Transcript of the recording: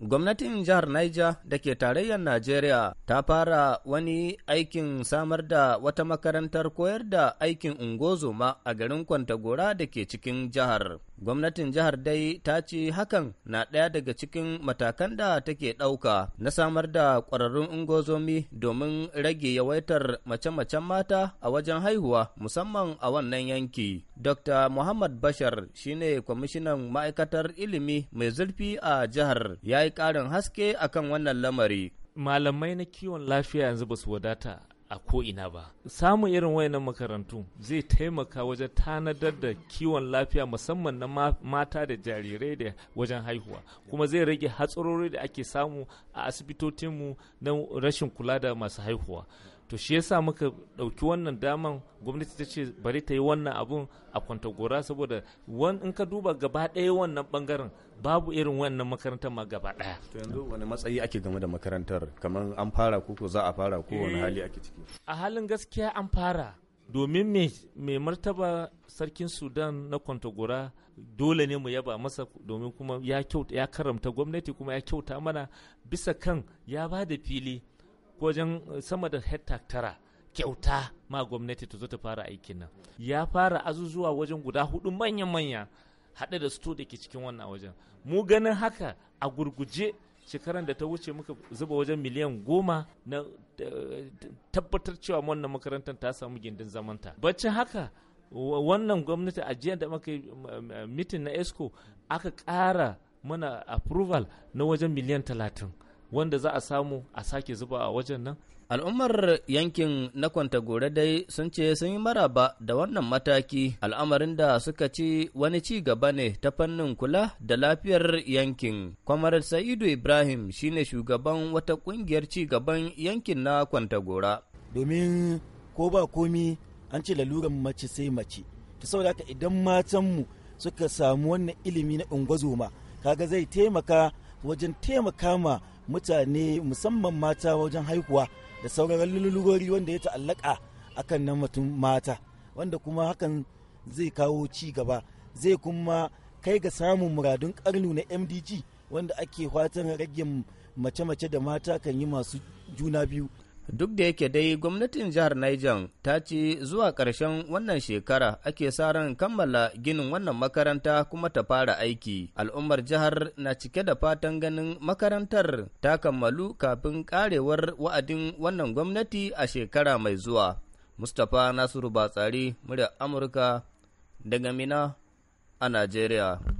Gwamnatin jihar Niger da ke tarayyar Najeriya ta fara wani aikin samar da wata makarantar koyar da aikin ungozoma a garin Kwantagora da ke cikin jihar. Gwamnatin jihar dai ta ce hakan na ɗaya daga cikin matakan da take ɗauka na samar da ƙwararrun ungozomi domin rage yawaitar mace-macen mata a wajen haihuwa musamman a wannan yanki. Dr. Muhammad Bashar shine kwamishinan ma'aikatar ilimi mai zurfi a jihar ya yi ƙarin haske akan wannan lamari. Malamai na kiwon lafiya yanzu ba su wadata a ko'ina ba samun irin wayannan makarantu zai taimaka wajen tanadar da kiwon lafiya musamman na mata da jarirai da wajen haihuwa kuma zai rage hatsarori da ake samu a asibitocinmu na rashin kula da masu haihuwa to shi yasa muka ɗauki wannan daman gwamnati ta ce bari ta yi wannan abun a kwantagora saboda in ka duba gaba ɗaya wannan ɓangaren babu irin wannan makarantar ma gaba ɗaya. to yanzu wani matsayi ake game da makarantar kamar an fara ko ko za a fara ko wani eh, hali ake ciki. a halin gaskiya an fara domin mai martaba sarkin sudan na kwantagora dole ne mu yaba masa domin kuma ya ya karamta gwamnati kuma ya kyauta mana bisa kan ya ba da fili wajen eh, sama da hekta tara kyauta ma gwamnati ta zo ta fara aikin nan ya fara azuzuwa wajen guda hudu manya-manya haɗe da sto da ke cikin wannan wajen mu ganin haka a gurguje shekaran da ta wuce muka zuba wajen miliyan goma na eh, tabbatar cewa wannan makarantar ta samu gindin zamanta baccin haka wannan gwamnati a jiya da muka mitin mm, mm, na esco aka ƙara mana approval na wajen miliyan talatin wanda za a samu a sake zuba a wajen nan Al'ummar yankin na Kwantagore dai sun ce sun yi maraba da wannan mataki al'amarin da suka ci wani ci gaba ne ta fannin kula da lafiyar yankin. Kwamar Sa'idu Ibrahim shine shugaban wata kungiyar ci gaban yankin na Kwantagora. Domin ko ba komi an ce laluran mace sai mace. Ta saboda haka idan matanmu suka samu wannan ilimi na ungwazoma kaga zai taimaka wajen taimaka ma mutane musamman mata wajen haihuwa da sauran lulurori wanda ya ta'allaka akan nan mutum mata wanda kuma hakan zai kawo ci gaba zai kuma kai ga samun muradun karnu na mdg wanda ake fatan rage mace-mace da mata kan yi masu juna biyu Duk da yake dai gwamnatin jihar Niger ta ce zuwa ƙarshen wannan shekara ake sa ran kammala ginin wannan makaranta kuma ta fara aiki. Al'ummar jihar na cike da fatan ganin makarantar ta kammalu kafin karewar wa'adin wannan gwamnati a shekara mai zuwa. Mustapha Nasiru Batsari, murya Amurka, daga Mina a Najeriya.